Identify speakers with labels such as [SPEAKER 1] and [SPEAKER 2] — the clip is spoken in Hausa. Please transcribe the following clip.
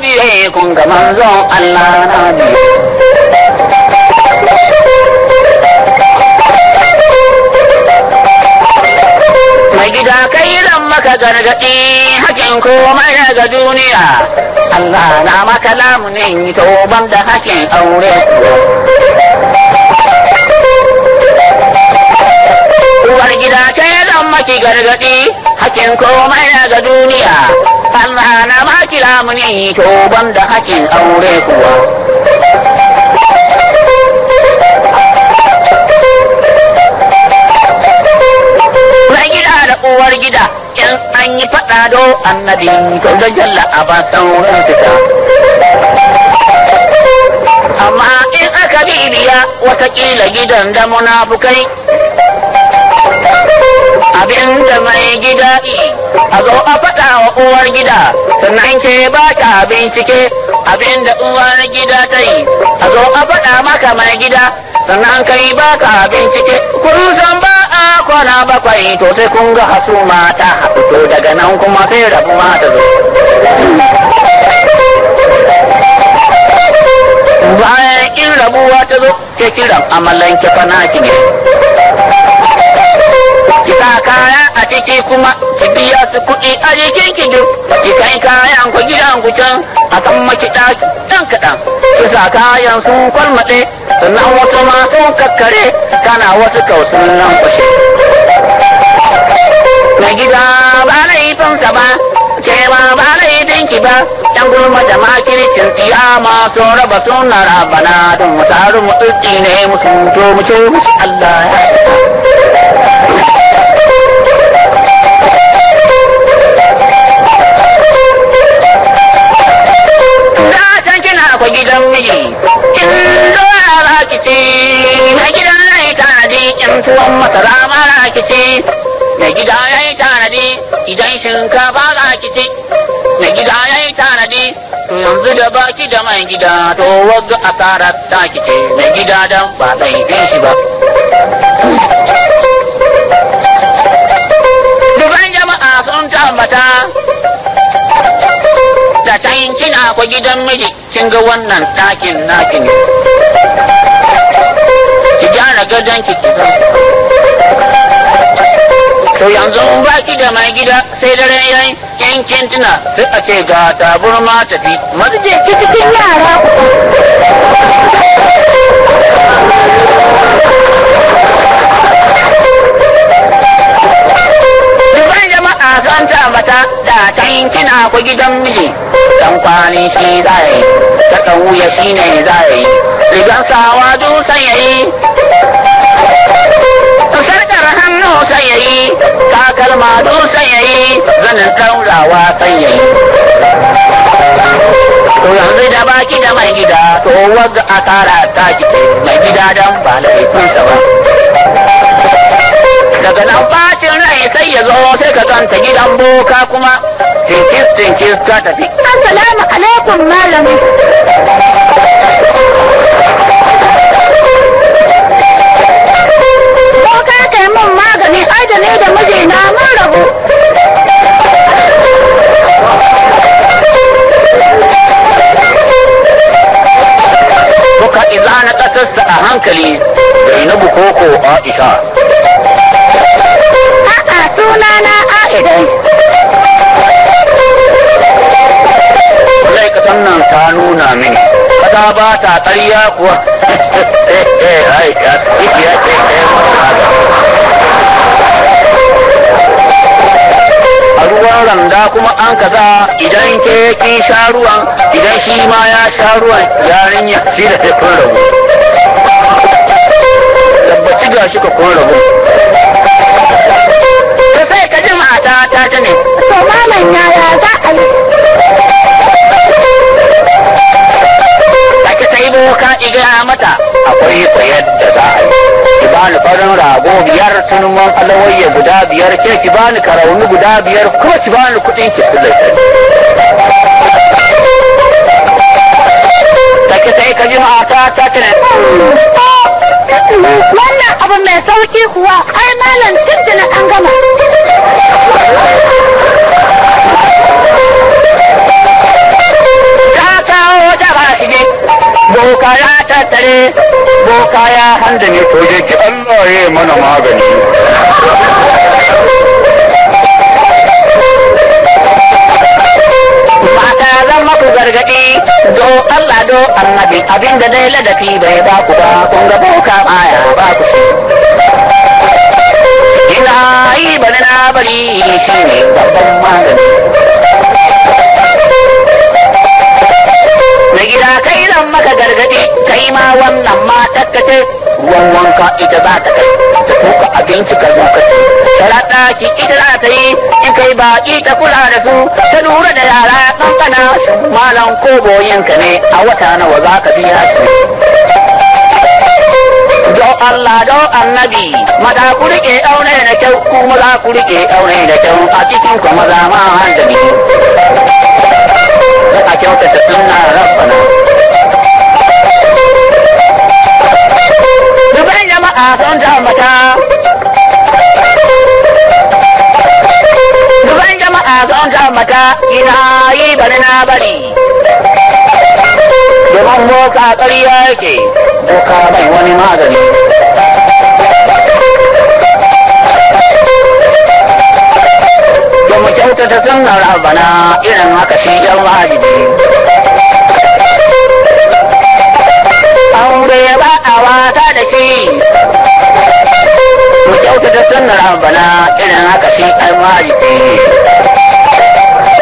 [SPEAKER 1] biye kun ga manzon Allah na biye mai gida kai ran maka gargaɗi hakin komai daga duniya Allah na maka lamunin yi ban da hakin aure uwar gida kai ran maki gargaɗi hakin komai daga duniya Allah na ki lamuni to ban da hakin aure kuwa. Na gida da uwar gida in an yi faɗa do annabi ko da jalla a ba sauran fita. Amma in aka bibiya watakila gidan da munafukai Abin da mai gida a zo a faɗa wa uwar gida sannan ke ba cike bincike da uwar gida ta yi a zo a faɗa maka mai gida sannan kai ba ka bincike kun san ba a kwana bakwai to sai kun ga hasu mata to daga nan kuma sai rabu mata zo bayan in rabuwa ta zo ke kiran amalanke kifa ne Ga kaya a ciki kuma ki biya su kuɗi a jikin ki Ki kai kayan ku gidan ku can a san makiɗa ɗan kaɗan. kisa kayan su kwalmaɗe sannan wasu ma sun kakkare kana wasu kausun nan kwashe. Mai gida ba laifinsa ba ke ma ba laifinki ba ɗan gulma da makircin tsiya masu raba suna rabana don mu taru mu tsitsi ne mu sun musu Allah ya tuwon masara ma za ki ci mai gida ya yi tanadi idan shinkafa za ki ci mai gida ya yi tanadi to yanzu da baki da mai gida to wagga asarar ta ki ce mai gida don ba ɗai shi ba Duban jama'a sun tabbata da tayin kina ku gidan miji kin ga wannan takin nakin ne. da gadon ki to yanzu in ba ki da mai gida sai dare yayin yan kentina sai a ce ga ma tafi marje ki cikin yara ta da kina ku gidan miji dan kwanin shi zai ta dan wuya shine zai rigar sawa dusan yayi sarkar hannu san yayi takalma dusan yayi zanen taurawa san yayi to yanzu da baki da mai gida to wagga asara ta kike mai gida dan ba laifinsa ba daga nan bacin rai sai ya zo sai ka ganta gidan boka kuma jinkis jinkis ta tafi assalamu alaikum malami ko ka kai min magani ajiye da ne da mijina mun rabu Buka izana ƙasarsa a hankali, Zainabu a Aisha. Ka ba ta ƙarya kuwa a ruwan randa kuma an kaza idan ke ki sha ruwan idan shi ma ya sha ruwan yarinya shi da ta kun rabu tabbaci ga shi ka kun rabu tausaya mata akwai koyar da za a yi ki ni farin rago biyar sunuman alawayya guda biyar ke ki ni karauni guda biyar kuma ki ni kudin ki su ta sai ka ji mata ta tana wannan abu mai sauki kuwa ai malam na an gama kaya handa ne to ki Allah ya mana magani mata zan maku gargaɗi do Allah do annabi abinda dai ladafi bai ba ku ba kun ga boka baya ba ku ina yi bari na bari shi ne babban magani na gida kai zan maka gargaɗi kai ma wannan tarkace ruwan wanka ita za ta kai ta tuka abinci ka zo ka ta ki ita za ta yi in kai baƙi ta kula da su ta lura da yara kankana malam ko ka ne a wata nawa za ka biya su don Allah don annabi maza ku rike aune da kyau ku maza ku rike aune da kyau a cikin ku maza ma hanzari da a ta sunna rabbana ambata sun ta ambata Duban jama'a ta ambata ina yi bari na bari Domin boka ƙarya yake boka mai wani magani Da mu kyautata sunnar abana irin haka shi jan wajibi
[SPEAKER 2] bana irin haka shi yi